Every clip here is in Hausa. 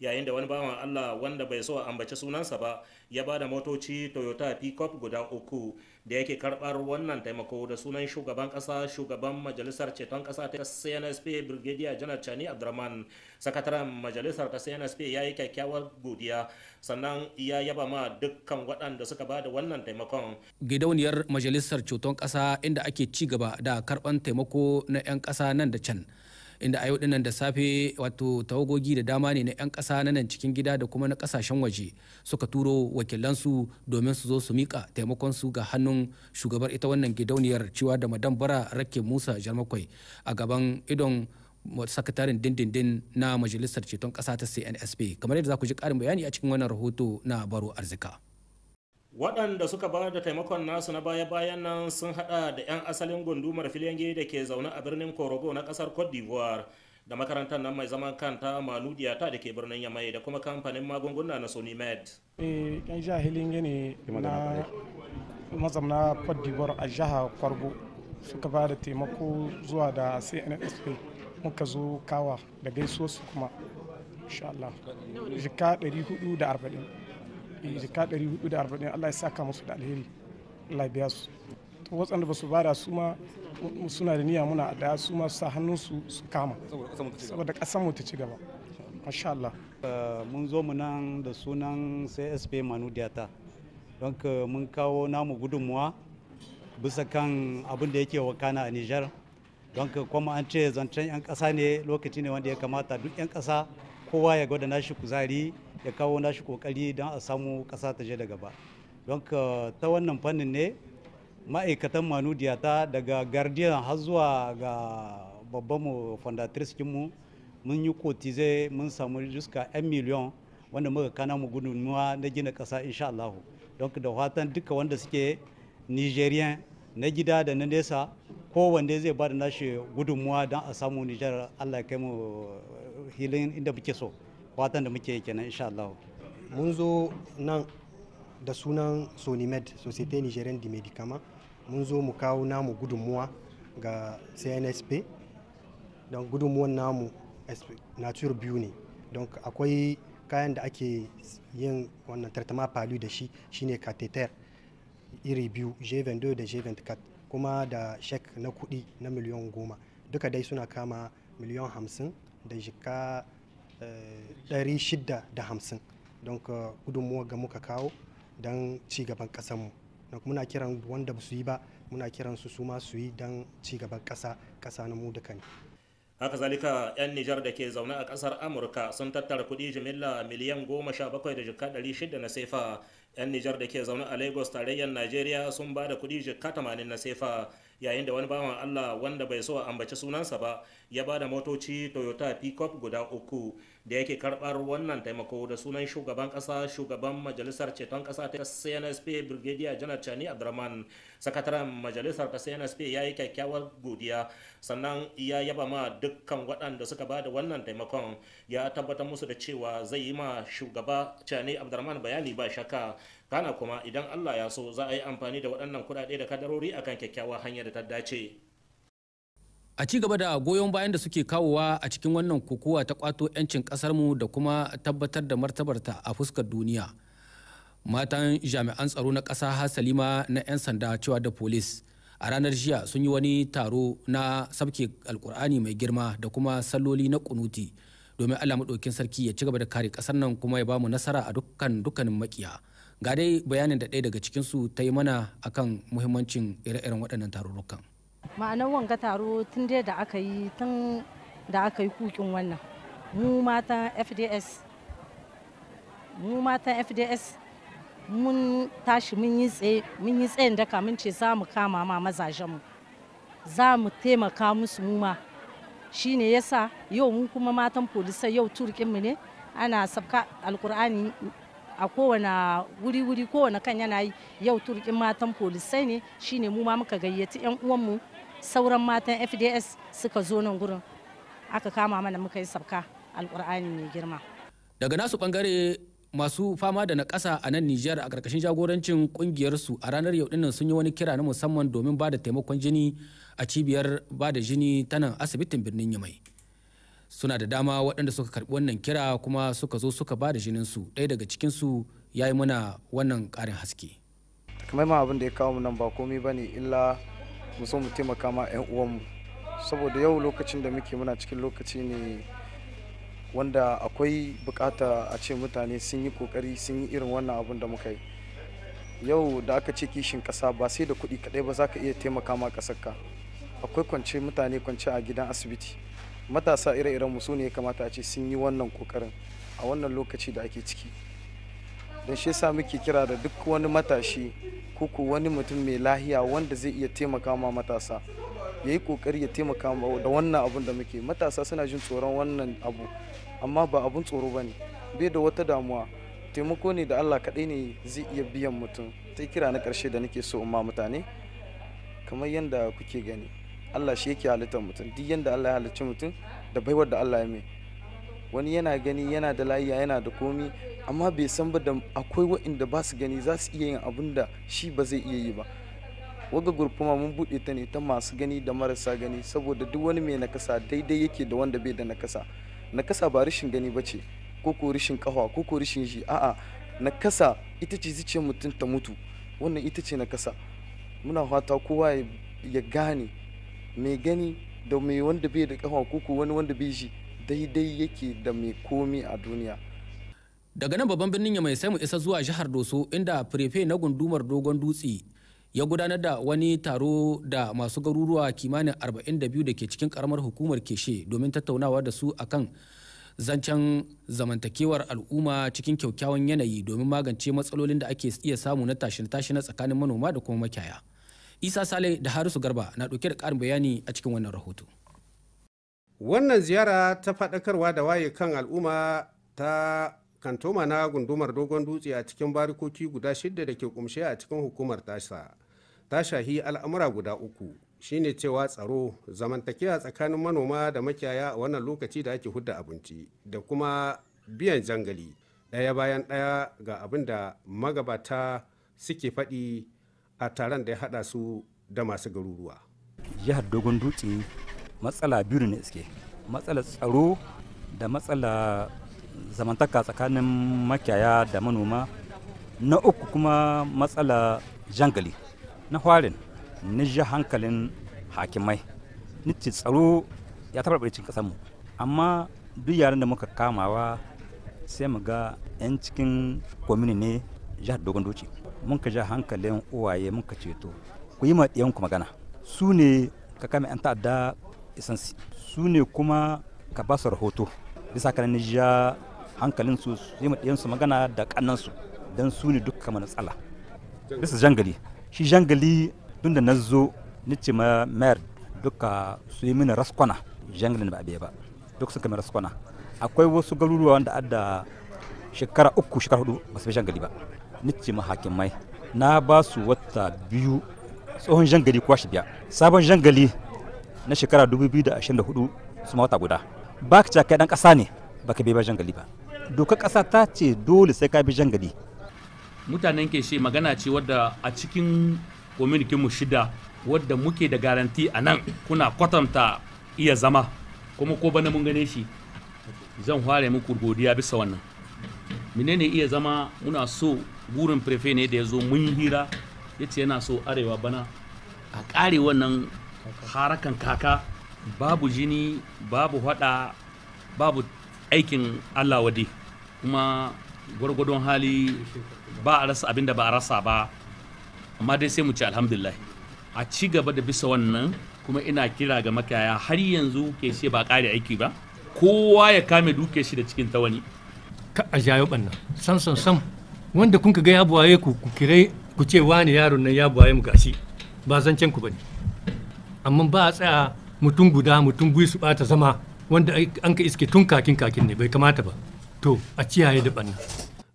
yayin da wani bawan allah wanda bai so a ambaci sunansa ba ya bada motoci toyota pickup guda uku da yake karbar wannan taimako da sunan shugaban kasa shugaban majalisar ceton kasa ta cnsp brigadier janar chani abdurrahman sakataren majalisar ta cnsp ya yi kyakkyawar godiya sannan ya yaba ma dukkan waɗanda suka ba da wannan taimakon gidauniyar majalisar ceton kasa inda ake ci gaba da karban taimako na 'yan kasa nan da can inda a yau dinnan da safe wato tawagogi da dama ne na 'yan ƙasa na nan cikin gida da kuma na ƙasashen waje suka turo wakilansu domin su zo su mika taimakon su ga hannun shugabar ita wannan gidauniyar cewa da madam bara rake musa jarmakwai a gaban idon sakataren dindindin na majalisar ceton ƙasa ta cnsp kamar yadda za ku ji ƙarin bayani a cikin wannan rahoto na baro arzika. waɗanda suka ba da taimakon nasu na baya-bayan nan sun haɗa da 'yan asalin gundumar filange da ke zaune a birnin korobo na ƙasar cote d'ivoire da makarantar nan mai zaman kanta manudiya ta da ke birnin yamai da kuma kamfanin magunguna na sony yan eh, jahilin na mazamna cote d'ivoire a jaha kwargo suka ba da taimako zuwa da cnsp muka zo kawa da gaiso su kuma insha Allah jika 440 Eh, jika 440 Allah ya saka musu da alheri Allah ya biya su to watsanda ba su bada su ma suna da niyya muna da su ma sa hannun su su kama saboda kasan mu ta ci gaba masha Allah eh, mun zo mu nan da sunan CSP Manu Diata don mun kawo namu gudunmuwa bisa kan abin da yake wakana a Nijar don kuma an ce zancen 'yan ƙasa ne lokaci ne wanda ya kamata duk 'yan ƙasa kowa ya gwada nashi kuzari ya kawo nashi kokari don a samu kasa ta je da gaba don ta wannan fannin ne ma'aikatan ta daga guardian har zuwa ga babban fondatrice kinmu mun yi kotize mun samu juska 'yan miliyon wanda muka kana mu gudunmuwa na gina kasa insha Allah don da fatan duka wanda suke nigerian na gida da na nesa kowanne zai ba da nashi gudunmuwa don a samu nijar Allah ya kai mu hilin inda muke so watan da muke kenan insha Allah mun zo nan da sunan Sonimed Societe Nigerian de Medicament mun zo mu kawo namu gudunmuwa ga CNSP don gudunmuwan namu nature biyu ne don akwai kayan da ake yin wannan tartama palu da shi shine catheter iri biyu j22 da j24 kuma da shek na kudi na miliyan goma duka dai suna kama miliyan hamsin da jika eh, hamsin don gudunmuwa ga muka kawo don cigaban ƙasanmu muna kiran wanda ba su yi ba muna kiran su su ma su yi don cigaban ƙasa ƙasa na mu duka ne haka zalika 'yan nijar da ke zaune a kasar amurka sun tattara kudi jimilla miliyan goma sha bakwai da jika ɗari shida na sefa 'yan nijar da ke zaune a lagos tarayyar najeriya sun ba da kudi jika tamanin na sefa yayin da wani bawan allah wanda bai so a ambaci sunansa ba ya ba da motoci toyota pickup guda uku da yake karbar wannan taimako da sunan shugaban kasa shugaban majalisar ceton kasa ta cnsp brigadier janar chani abdurrahman sakataren majalisar ta cnsp ya yi kyakkyawar godiya sannan ya yaba ma dukkan waɗanda suka ba da wannan taimakon ya tabbatar musu da cewa zai yi ma shugaba chani abdurrahman bayani ba shakka kana kuma idan allah ya so za a yi amfani da waɗannan kuɗaɗe da kadarori akan kyakkyawar hanya da ta dace. a ci gaba da goyon bayan da suke kawowa a cikin wannan kokowa ta kwato 'yancin mu da kuma tabbatar da martabarta a fuskar duniya matan jami'an tsaro na ƙasa hasalima na 'yan sanda cewa da police a ranar jiya sun yi wani taro na sabke alkur'ani mai girma da kuma salloli na kunuti domin allah maɗaukin sarki ya ci gaba da kare ƙasar nan kuma ya bamu nasara a dukkan dukkanin makiya ga dai bayanin da ɗaya daga cikinsu ta yi mana akan muhimmancin ire-iren waɗannan tarurrukan ma'anar wanga taro tun dai da aka yi tun da aka yi kukin wannan mu matan fds mu mata fds mun tashi mun yi tsaye tsayin daka mun ce za mu kama ma mazajenmu za mu taimaka musu mu ma shi ne yasa yau mun kuma matan polisa yau turkinmu ne ana sabka alkur'ani a kowane wuri-wuri kowane kan yana yi yau turkin matan polisai ne shine mu ma muka gayyaci 'yan uwanmu sauran matan fds suka zo nan gurin aka kama mana muka yi sabka alkur'ani mai girma daga nasu bangare masu fama da nakasa a nan Nijar a karkashin jagorancin ƙungiyarsu a ranar yau dinnan sun yi wani kira na musamman domin ba da taimakon jini a cibiyar ba da jini ta nan asibitin birnin Yamai. Suna da dama waɗanda suka karɓi wannan kira kuma suka zo suka ba da su ɗaya daga cikinsu ya yi mana wannan ƙarin haske. Kamar ma abin da ya kawo mu nan ba komai ba ne illa mu so mu taimaka ma 'yan uwanmu saboda yau lokacin da muke muna cikin lokaci ne wanda akwai bukata a ce mutane sun yi kokari sun yi irin wannan abun da muka yi yau da aka ce kishin kasa ba sai da kuɗi kaɗai ba za ka iya taimaka ma ka akwai kwance mutane kwance a gidan asibiti matasa ire-iren su ne ya kamata a ce sun yi wannan kokarin a wannan lokaci da ake ciki don shi yasa muke kira da duk wani matashi koko wani mutum mai lahiya wanda zai iya taimaka ma matasa ya yi kokari ya taimaka da wannan abun da muke matasa suna jin tsoron wannan abu amma ba abun tsoro ba ne bai da wata damuwa taimako ne da allah kaɗai ne zai iya biyan mutum ta kira na ƙarshe da nake so ma mutane kamar yadda kuke gani allah shi yake halittar mutum duk yadda allah ya halicci mutum da baiwar da allah ya mai wani yana gani yana da layiya yana da komi amma bai san ba da akwai wa'inda ba su gani za su iya yin abin da shi ba zai iya yi ba waga gurfuma mun buɗe ta ne ta masu gani da marasa gani saboda duk wani mai nakasa daidai yake da wanda bai da nakasa nakasa ba rashin gani ba ce ko ko rashin kafa ko ko rashin ji a'a nakasa ita ce zuciyar mutum ta mutu wannan ita ce nakasa muna fata kowa ya gane mai gani da mai wanda bai da kafa ko ko wani wanda bai ji daidai yake da mai komi a duniya daga nan babban birnin ya mai sai mu isa zuwa jihar doso inda firife na gundumar dogon dutse ya gudanar da wani taro da masu garuruwa kimanin 42 da ke cikin karamar hukumar keshe domin tattaunawa da su akan zancen zamantakewar al'umma cikin kyaukyawan yanayi domin magance matsalolin da ake iya samu na tashin-tashi na tsakanin manoma da kuma makiyaya isa sale da harisu garba na ɗauke da karin bayani a cikin wannan rahoto wannan ziyara ta faɗakarwa da waye kan al'umma ta kantoma na gundumar dogon dutse a cikin barikoki guda shidda da ke kumshe a cikin hukumar tasa ta shahi al'amura guda uku shine cewa tsaro zamantakewa tsakanin manoma da makiyaya a wannan lokaci da ake hudda abinci da kuma biyan jangali ɗaya bayan ɗaya ga abin da magabata suke faɗi a taron da ya haɗa su da masu garuruwa jihar dogon dutse matsala biyu ne suke matsala tsaro da matsala zamantaka tsakanin makiyaya da manoma na uku kuma matsala jangali na hwarin na ji hankalin hakimai nici tsaro ya taɓa cin ƙasarmu amma duk yaren da muka kamawa sai mu ga 'yan cikin komini ne jihar dogon doci mun ka ja hankalin uwaye mun ka ceto ku yi ma ku magana su ne ka kame 'yan ta'adda isansi su ne kuma ka ba su rahoto bisa kan ja hankalin su zai yi su magana da su dan su ne duk kamar tsala bisa jangali shi jangali tun da nazo ni ce ma mayar duka su yi mini raskwana jangalin ba a ba duk suka mai raskwana akwai wasu garuruwa wanda adda shekara uku shekara hudu ba su bi jangali ba ni ce ma hakimai na ba su wata biyu tsohon jangali kuwa shi biya sabon jangali na shekara 2024 su wata guda ba ka kai dan ƙasa ne ba ka bai jangali ba dokar ƙasa ta ce dole sai ka bi jangali mutanen ke shi magana ce wadda a cikin mu shida wadda muke da garanti a nan kuna kwatanta iya zama kuma ko bana mun gane shi zan hware muku godiya bisa wannan menene iya zama muna so gurin prefe ne da ya zo mun hira ya ce yana so arewa bana a kare wannan harakan kaka babu jini babu hada babu aikin allah wadi kuma gwargwadon hali ba a rasa abinda ba a rasa ba amma dai sai mu ci alhamdulillah a ci gaba da bisa wannan kuma ina kira ga makaya har yanzu ke shi ba ƙare aiki ba kowa ya kame duke shi da cikin tawani ka a jayo banna sam sam sam wanda kun ka ga ya buwaye ku ku kire ku ce wani yaron nan ya buwaye mu gashi ba zancen ku bane amma ba a tsaya mutum guda mutum biyu su bata zama wanda an ka iske tun kakin kakin ne bai kamata ba to a ciyaye da banna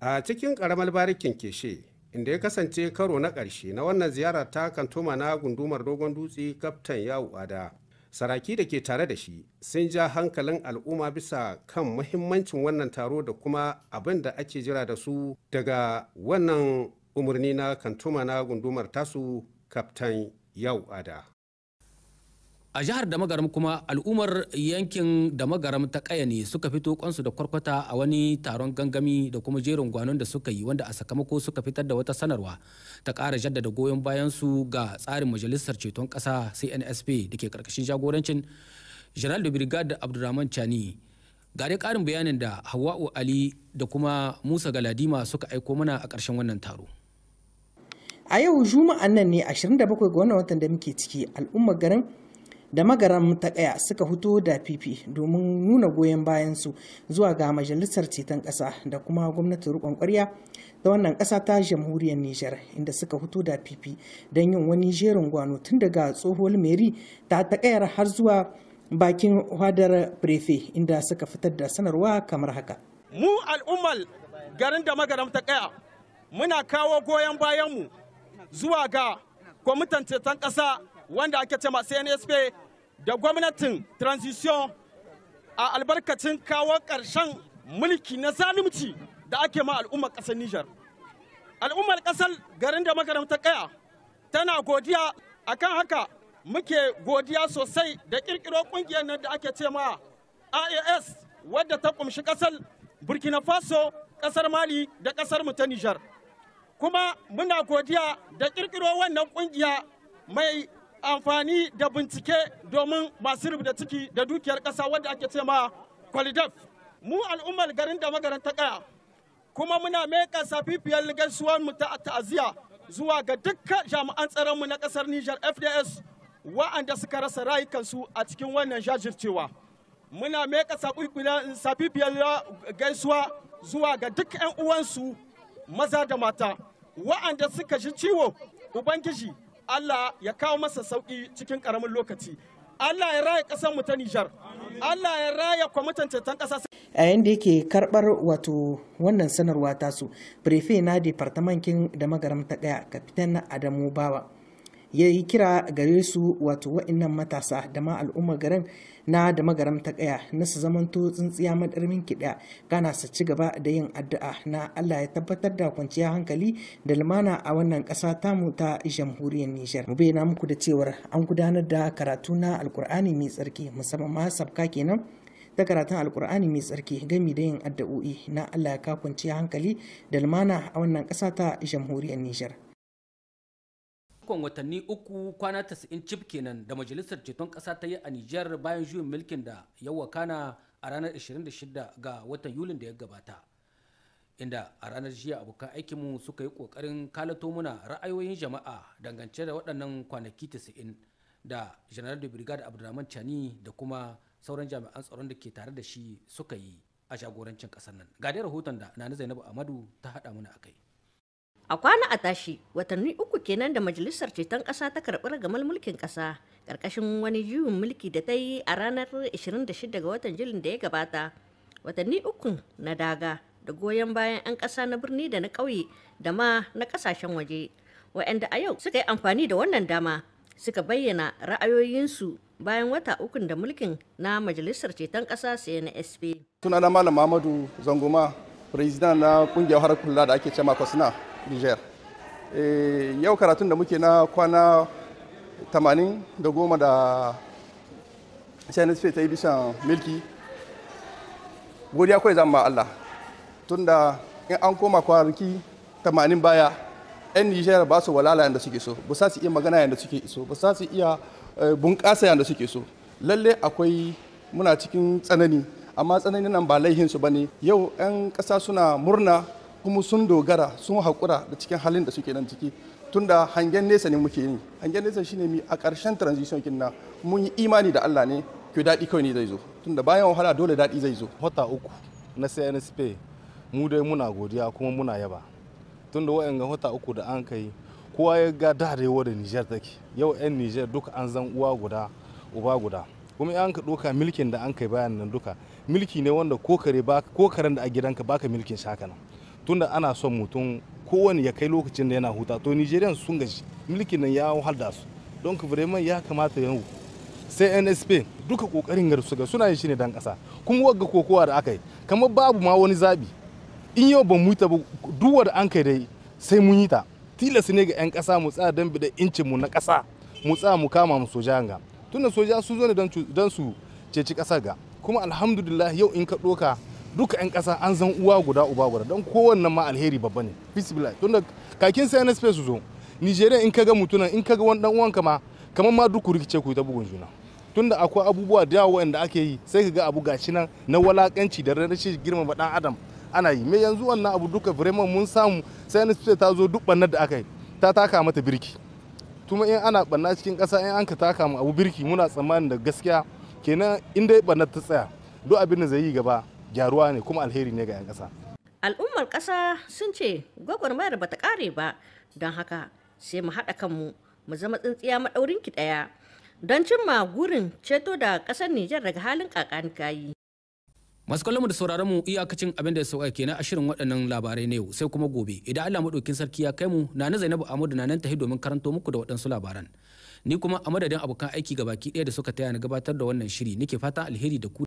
a cikin karamar barikin keshe inda ya kasance karo na karshe na wannan ziyara ta kantoma na gundumar dogon dutse kaftan yawu ada saraki da ke tare da shi sun ja hankalin al'umma bisa kan muhimmancin wannan taro da kuma abin da ake jira da su daga wannan umarni na kantoma na gundumar tasu kaftan yawu ada a jihar da kuma al'ummar yankin da ta kaya ne suka fito kwansu da kwarkwata a wani taron gangami da kuma jerin gwanon da suka yi wanda a sakamako suka fitar da wata sanarwa ta kara jaddada goyon bayan su ga tsarin majalisar ceton kasa cnsp da ke karkashin jagorancin general da brigade abdulrahman chani gare karin bayanin da hawa'u ali da kuma musa galadima suka aiko mana a karshen wannan taro a yau juma'an nan ne 27 ga wannan watan da muke ciki al'ummar garin da magaran ta kaya suka fito da fifi domin nuna goyon bayansu zuwa ga majalisar ceton ƙasa da kuma gwamnatin rikon ƙwarya da wannan ƙasa ta jamhuriyar niger inda suka fito da fifi don yin wani jerin gwano tun daga tsohuwar meri ta taƙayar har zuwa bakin hadar prefe inda suka fitar da sanarwa kamar haka mu al'ummar garin da magaram ta kaya muna kawo goyon bayanmu zuwa ga kwamitan ceton ƙasa wanda ake cema CNSP da gwamnatin transition a albarkacin kawo ƙarshen mulki na zalunci da ake ma al'ummar ƙasar Nijar. Al'ummar ƙasar garin da makarantar kaya tana godiya akan haka muke godiya sosai da ƙirƙiro ƙungiyar nan da ake cewa ma IAS wadda ta kumshi ƙasar Burkina Faso, ƙasar Mali da ƙasar mu ta Nijar. Kuma muna godiya da ƙirƙiro wannan ƙungiya mai amfani da bincike domin masu rubuta ciki da dukiyar ƙasa wanda ake ce ma kwalidaf mu al'ummar garin da magaran ta ƙaya kuma muna meka safifiyar gaisuwar mu ta ta'aziyya zuwa ga dukkan jami'an tsaron mu na kasar Nijar FDS wa'anda suka rasa rayukansu a cikin wannan jajircewa muna meka safifiyar gaisuwa zuwa ga duk 'yan uwansu maza da mata wa'anda suka ji ciwo ubangiji Allah ya kawo masa sauki cikin ƙaramin lokaci Allah ya raya ƙasar mu ta Nijar Allah ya raya kwamitin ceton ƙasa a yanda yake karɓar wato wannan sanarwa tasu prefe na departamentin da magaramta ta daya kapitan Adamu Bawa ya yi kira gare su wato wa'annan matasa da ma al'ummar garin na da magaram ta kaya na su zamanto tsintsiya madarmin kiɗa kana su ci gaba da yin addu'a na Allah ya tabbatar da kwanciyar hankali da lumana a wannan ƙasa tamu ta jamhuriyar Nijar. Mu bayyana muku da cewar an gudanar da karatu na Alkur'ani mai tsarki musamman ma sabka kenan ta karatun alkur'ani mai tsarki gami da yin addu'o'i na allah ya kwanciya hankali da lumana a wannan ƙasa ta jamhuriyar nijar ikon watanni uku kwana 90 cif kenan da majalisar ceton kasa ta yi a Nijar bayan juyin mulkin da ya wakana a ranar 26 ga watan Yulin da ya gabata. Inda a ranar jiya abokan aikinmu suka yi kokarin kalato muna ra'ayoyin jama'a dangance da waɗannan kwanaki 90 da Janar da Brigade Abdulrahman Chani da kuma sauran jami'an tsaron da ke tare da shi suka yi a jagorancin ƙasar nan. Ga dai rahoton da Nana Zainabu Amadu ta haɗa mana a kai. a kwana a tashi watanni uku kenan da majalisar ceton ƙasa ta karɓi ragamar mulkin ƙasa karkashin wani juyin mulki da ta yi a ranar 26 ga watan julin da ya gabata watanni uku na daga da goyon bayan 'yan ƙasa na birni da na ƙauye da ma na ƙasashen waje waɗanda a yau suka yi amfani da wannan dama suka bayyana ra'ayoyinsu bayan wata uku da mulkin na majalisar ceton kasa ƙasa cnsp sunana malam mamadu zangoma president na kungiyar harkar kula da ake cema kwasina Niger. Eh, yau karatun da muke na kwana 80 da goma da CNSP ta yi bisan milki, godiya kawai zama Allah. Tunda in an koma kwanaki 80 baya, 'yan Niger ba su walala yadda suke so, ba sa su iya magana yadda suke so, ba sa su iya eh, bunƙasa yadda suke so. Lalle akwai muna cikin tsanani, amma tsananin nan ba laihinsu ba ne. Yau 'yan ƙasa suna murna kuma sun dogara sun haƙura da cikin halin da suke nan ciki tunda hangen nesa ne muke yi hangen nesa shine mi a ƙarshen transition kin na mun yi imani da Allah ne ke daɗi kawai ne zai zo tunda bayan wahala dole daɗi zai zo wata uku na CNSP mu dai muna godiya kuma muna yaba tunda ga wata uku da an kai kowa ya ga darewa da Niger take yau 'yan Niger duka an zan uwa guda uba guda kuma an ka doka milkin da an kai bayan nan duka milki ne wanda ko karen da a gidanka baka milkin shaka nan tunda ana son mutum kowane ya kai lokacin da yana huta to nigerian sun gaji mulkin nan ya wahal da su don ka vraiment ya kamata yanzu sai nsp duka kokarin gar su ga suna yin shi ne dan kasa kuma wagga kokowa da aka yi kamar babu ma wani zabi in yau ban muta ba duwar an kai dai sai mun yi ta tilas ne ga yan kasa mu tsaya dan bida incin mu na kasa mu tsaya mu kama mu soja ga tunda soja su zo ne dan su ceci kasar ga kuma alhamdulillah yau in ka doka duka 'yan ƙasa an san uwa guda uba guda don kowanne ma alheri babba ne bismillah tunda kakin sai na space zo nigeria in kaga mutunan in kaga wani dan uwanka ma kamar ma duk rikice ku ta bugun juna tunda akwai abubuwa da yawa wanda ake yi sai kaga abu gashi nan na walakanci da rashin girmama dan adam ana yi me yanzu wannan abu duka vraiment mun samu sai na space ta zo duk bannar da aka yi ta taka mata birki kuma in ana banna cikin ƙasa in an ka taka mu abu birki muna tsammanin da gaskiya kenan in dai banna ta tsaya duk abin da zai yi gaba gyaruwa ne kuma alheri ne ga 'yan ƙasa. al'ummar ƙasa sun ce gwagwarmayar ba ta ƙare ba don haka sai mu haɗa kanmu mu zama tsintsiya maɗaurin ki ɗaya don cimma gurin ceto da ƙasar Nijar daga halin kakanikayi. Masu kallon da sauraron mu iyakacin abin da ya sauka kenan a shirin waɗannan labarai na yau sai kuma gobe idan Allah madaukin sarki ya kai mu na na Zainabu Ahmadu na nan tahi domin karanto muku da waɗansu labaran. Ni kuma a madadin abokan aiki gabaki ɗaya da suka taya ni gabatar da wannan shiri nake fatan alheri da ku